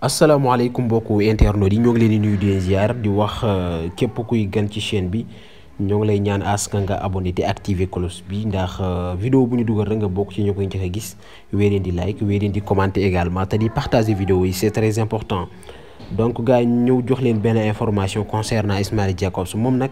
alaykum mbokku internautes yi ñoo ngi leen di nuyu di ziar di wax euh, képp kuy gan ci chaîne bi ñoo ngi lay ñaan askan nga abonné te activer cloche bi ndax euh, vidéo bu ñu dugal rek nga bokk ci ñoo koy njëkk gis wéré di like wéré di commenter également tadi di partager vidéo yi c'est très important donc gars ñëw jox leen benn information concernant Ismaël Jacobs mom nak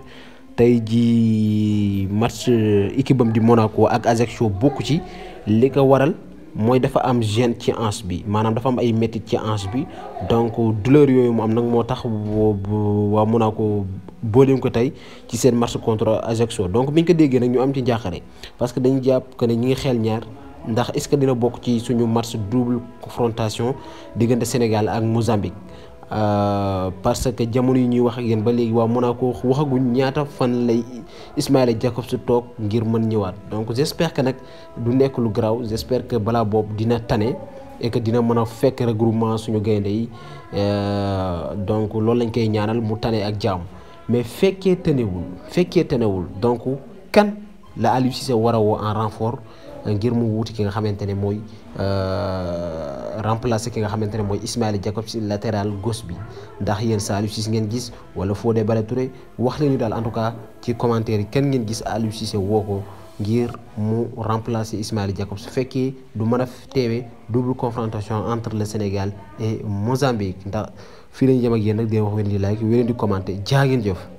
tay ji match euh, équipe bam di Monaco ak Ajaccio bokk ci li ko waral moy dafa am gène ci hanche bi manam dafa am ay métit ci hanche bi donc douleur yoyu mu am nag moo tax waa Monaco booleem ko tay ci sen match contre Ajaccio donc biñ ko déggee nak ñu am ci njaaxare parce que dañu japp que ñi ngi xel ñaar ndax est-ce que dina bok ci suñu match double confrontation digënde Sénégal ak Mozambique. Euh, parce que jamono yi ñuy wax ak yéen ba léegi waa Monaco waxaguñ ñaata fan lay Ismaïla Jakobs su toog ngir mën ñëwaat donc j'espère que nag du nekk lu graaw j'espère que balaa boobu dina tane et dina mën a fekk regroupement suñu gaynde yi euh, donc loolu lañ koy ñaanal mu tane ak jaam mais fekkee tanewul fekkee tenewul donc kan la Aliou Cissé war a woo en renfort ngir mu wuuti ki nga xamante ne mooy euh, remplacer ki nga xamante ne mooy Ismaïla Jakobs si latéral bi ndax yéen Aliou Cissé ngeen gis wala Fodé Ballo-Touré wax leen ñu daal en tout cas ci commentaire yi kenn ngeen gis Aliou Cissé woo ko ngir mu remplacer Ismaïla Jakobs su fekkee du mën a teewee double confrontation entre le Sénégal et Mozambique ndax fii lañu jëm ak yéen nag dee wax ween di like ween di commenter jaa ngeen jëf